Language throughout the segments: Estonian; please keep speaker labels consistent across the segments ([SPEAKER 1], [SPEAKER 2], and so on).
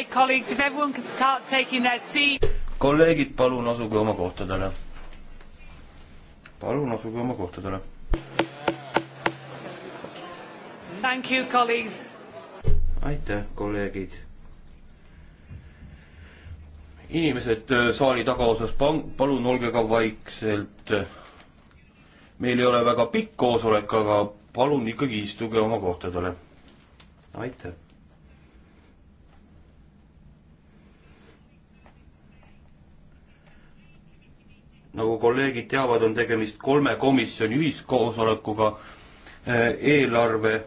[SPEAKER 1] Okay, colleagues, if everyone could start taking their seat. kolleegid, palun asuge oma kohtadele. palun asuge oma kohtadele. Thank you, colleagues. aitäh, kolleegid. inimesed äh, saali tagaosas, palun olge ka vaikselt. meil ei ole väga pikk koosolek, aga palun ikkagi istuge oma kohtadele. aitäh nagu kolleegid teavad, on tegemist kolme komisjoni ühiskoosolekuga, eh, eelarve,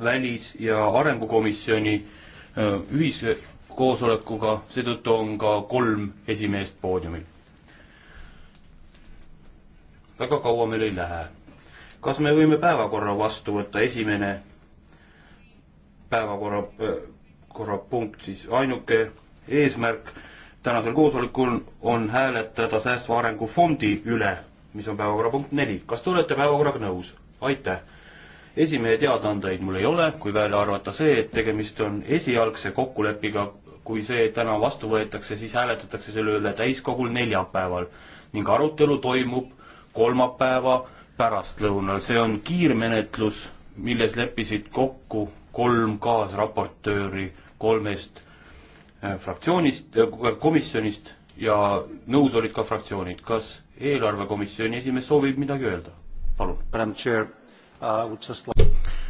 [SPEAKER 1] välis- ja arengukomisjoni eh, ühiskoosolekuga, seetõttu on ka kolm esimeest poodiumil. väga kaua meil ei lähe. kas me võime päevakorra vastu võtta, esimene päevakorra, eh, korrapunkt siis, ainuke eesmärk tänasel koosolekul on hääletada säästva arengu fondi üle, mis on päevakorrapunkt neli. kas te olete päevakorraga nõus? aitäh! esimehe teadaandeid mul ei ole, kui välja arvata see, et tegemist on esialgse kokkuleppiga, kui see täna vastu võetakse, siis hääletatakse selle üle täiskogul neljapäeval ning arutelu toimub kolmapäeva pärastlõunal. see on kiirmenetlus, milles leppisid kokku kolm kaasraportööri kolmest Äh, fraktsioonist, äh, komisjonist ja nõus olid ka fraktsioonid. kas eelarvekomisjoni esimees soovib midagi öelda? palun. Uh,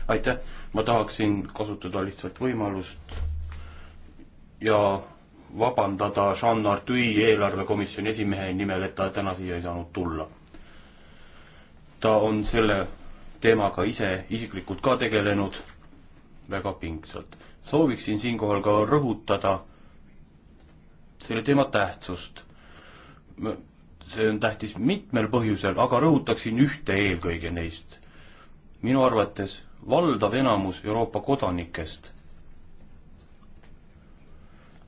[SPEAKER 1] aitäh, ma tahaksin kasutada lihtsalt võimalust ja vabandada Jean Artui eelarvekomisjoni esimehe nimel, et ta täna siia ei saanud tulla. ta on selle teemaga ise isiklikult ka tegelenud väga pingsalt. sooviksin siinkohal ka rõhutada, selle teema tähtsust. see on tähtis mitmel põhjusel, aga rõhutaksin ühte eelkõige neist. minu arvates valdav enamus Euroopa kodanikest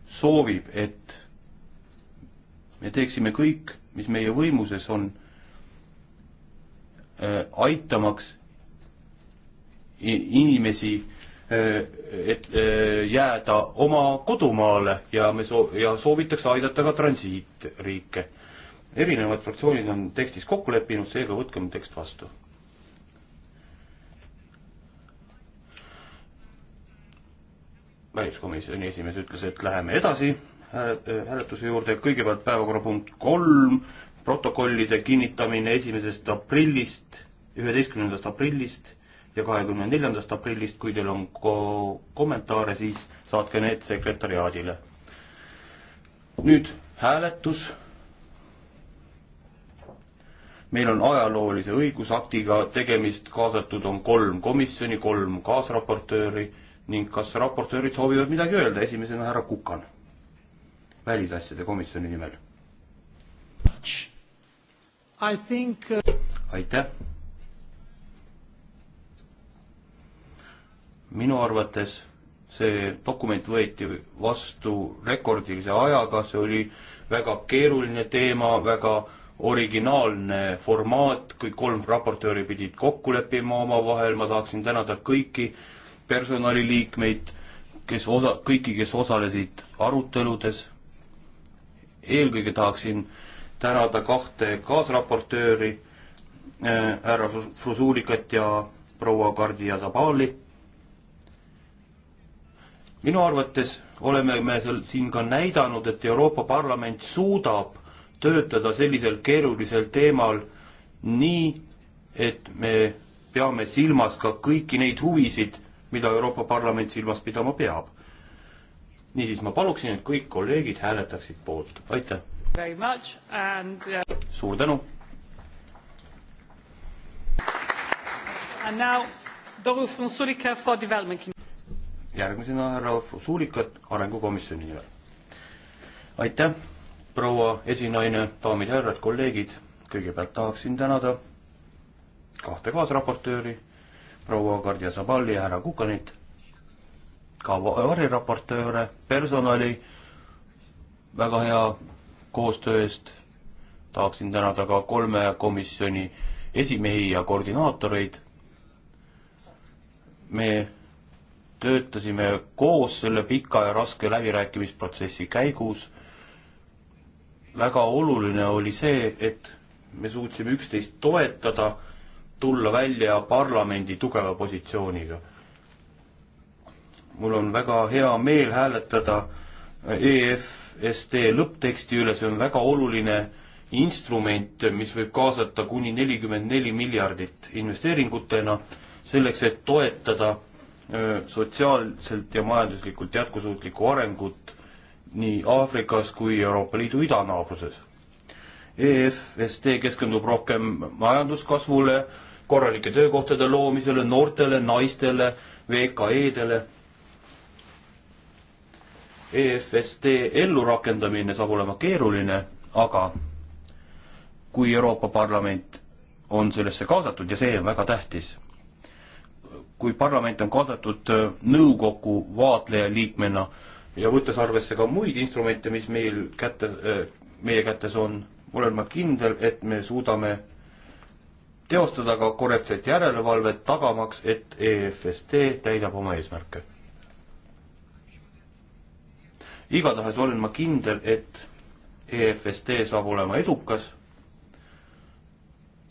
[SPEAKER 1] soovib, et me teeksime kõik, mis meie võimuses on, äh, aitamaks inimesi Eh, et eh, jääda oma kodumaale ja me soo-, ja soovitakse aidata ka transiitriike. erinevad fraktsioonid on tekstis kokku leppinud, seega võtkem tekst vastu. väliskomisjoni esimees ütles, et läheme edasi eh, hääletuse juurde, kõigepealt päevakorrapunkt kolm, protokollide kinnitamine esimesest aprillist, üheteistkümnendast aprillist ja kahekümne neljandast aprillist, kui teil on ko-, kommentaare, siis saatke need sekretariaadile. nüüd hääletus. meil on ajaloolise õigusaktiga tegemist, kaasatud on kolm komisjoni, kolm kaasraportööri ning kas raportöörid soovivad midagi öelda, esimesena härra Kukan välisasjade komisjoni nimel. Think... Uh, aitäh minu arvates see dokument võeti vastu rekordilise ajaga, see oli väga keeruline teema, väga originaalne formaat, kõik kolm raportööri pidid kokku leppima omavahel, ma tahaksin tänada kõiki personaliliikmeid, kes osa, kõiki, kes osalesid aruteludes. eelkõige tahaksin tänada kahte kaasraportööri äh,, härra Frusuulikat ja proua Gardia Zabali minu arvates oleme me seal siin ka näidanud, et Euroopa Parlament suudab töötada sellisel keerulisel teemal nii, et me peame silmas ka kõiki neid huvisid, mida Euroopa Parlament silmas pidama peab. niisiis, ma paluksin, et kõik kolleegid hääletaksid poolt, aitäh! And... Uh, suur tänu! And now Doru Fonsulika for development järgmisena härra Suulikat Arengukomisjoni nimel. aitäh, proua esinaine, daamid ja härrad, kolleegid, kõigepealt tahaksin tänada kahte kaasraportööri, proua Kardia Zabali ja härra Kukanit, ka variraportööre, personali väga hea koostöö eest, tahaksin tänada ka kolme komisjoni esimehi ja koordinaatoreid, me töötasime koos selle pika ja raske läbirääkimisprotsessi käigus. väga oluline oli see, et me suutsime üksteist toetada, tulla välja parlamendi tugeva positsiooniga. mul on väga hea meel hääletada EFSD lõppteksti üle, see on väga oluline instrument, mis võib kaasata kuni nelikümmend neli miljardit investeeringutena selleks, et toetada sotsiaalselt ja majanduslikult jätkusuutlikku arengut nii Aafrikas kui Euroopa Liidu idanaabruses. EFST keskendub rohkem majanduskasvule, korralike töökohtade loomisele, noortele, naistele, VKE-dele. EFST ellurakendamine saab olema keeruline, aga kui Euroopa Parlament on sellesse kaasatud ja see on väga tähtis kui parlament on kaasatud äh, nõukogu vaatleja liikmena ja võttes arvesse ka muid instrumente, mis meil kätte, äh, meie kätes on, olen ma kindel, et me suudame teostada ka korrektset järelevalvet, tagamaks, et EFST täidab oma eesmärke. igatahes olen ma kindel, et EFST saab olema edukas,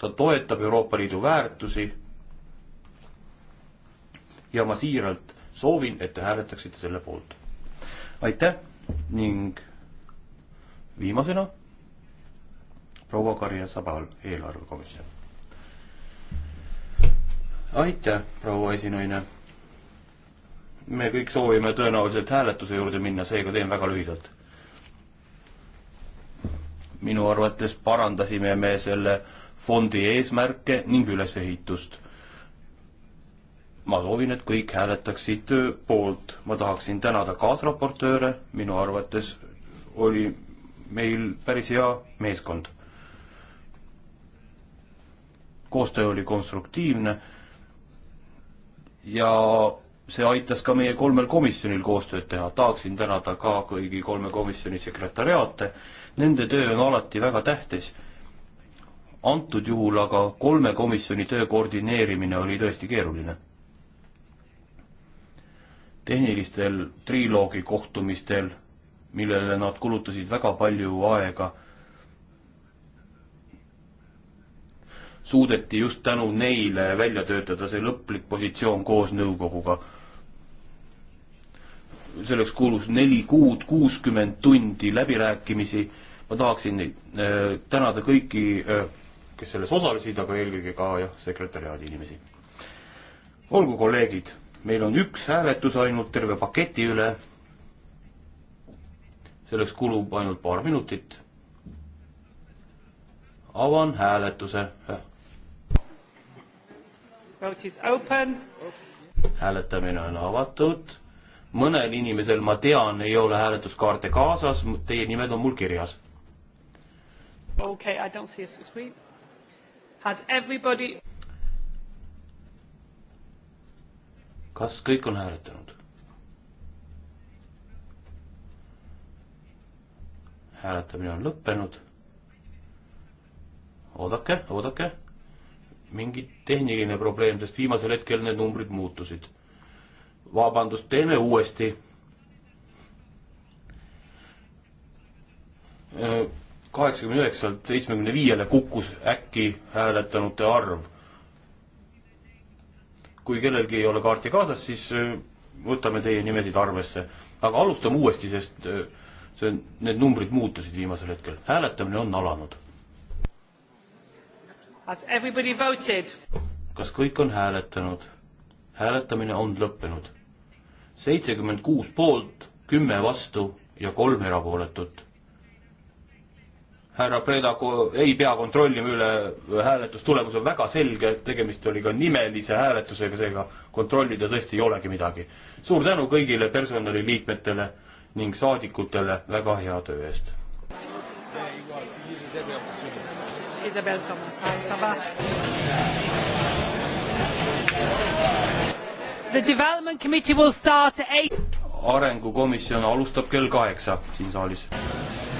[SPEAKER 1] ta toetab Euroopa Liidu väärtusi ja ma siiralt soovin, et te hääletaksite selle poolt. aitäh ning viimasena proua Karja Sabal, eelarvekomisjon. aitäh, proua esinaine. me kõik soovime tõenäoliselt hääletuse juurde minna, seega teen väga lühidalt. minu arvates parandasime me selle fondi eesmärke ning ülesehitust ma soovin, et kõik hääletaksid poolt. ma tahaksin tänada kaasraportööre, minu arvates oli meil päris hea meeskond. koostöö oli konstruktiivne ja see aitas ka meie kolmel komisjonil koostööd teha. tahaksin tänada ka kõigi kolme komisjoni sekretariaate. Nende töö on alati väga tähtis. antud juhul aga kolme komisjoni töö koordineerimine oli tõesti keeruline tehnilistel triloogi kohtumistel, millele nad kulutasid väga palju aega, suudeti just tänu neile välja töötada see lõplik positsioon koos nõukoguga. selleks kulus neli kuud, kuuskümmend tundi läbirääkimisi, ma tahaksin neid äh, tänada kõiki äh, kes selles osalesid, aga eelkõige ka jah, sekretäriaadi inimesi. olgu, kolleegid meil on üks hääletus ainult terve paketi üle. selleks kulub ainult paar minutit. avan hääletuse. hääletamine on avatud. mõnel inimesel, ma tean, ei ole hääletuskaarte kaasas, teie nimed on mul kirjas. okei okay,, I don't see a screen. Has everybody kas kõik on hääletanud? hääletamine on lõppenud. oodake, oodake, mingi tehniline probleem, sest viimasel hetkel need numbrid muutusid. vabandust, teeme uuesti kaheksakümne üheksalt seitsmekümne viiele kukkus äkki hääletanute arv kui kellelgi ei ole kaarti kaasas, siis äh, võtame teie nimesid arvesse. aga alustame uuesti, sest äh, see on, need numbrid muutusid viimasel hetkel. hääletamine on alanud. kas kõik on hääletanud? hääletamine on lõppenud. seitsekümmend kuus poolt, kümme vastu ja kolm erapooletut härra Predako ei pea kontrollima üle, hääletustulemus on väga selge, tegemist oli ka nimelise hääletusega, seega kontrollida tõesti ei olegi midagi. suur tänu kõigile personaliliikmetele ning saadikutele väga hea töö eest. Isabel Thomas, The development committee will start at eight. arengukomisjon alustab kell kaheksa siin saalis.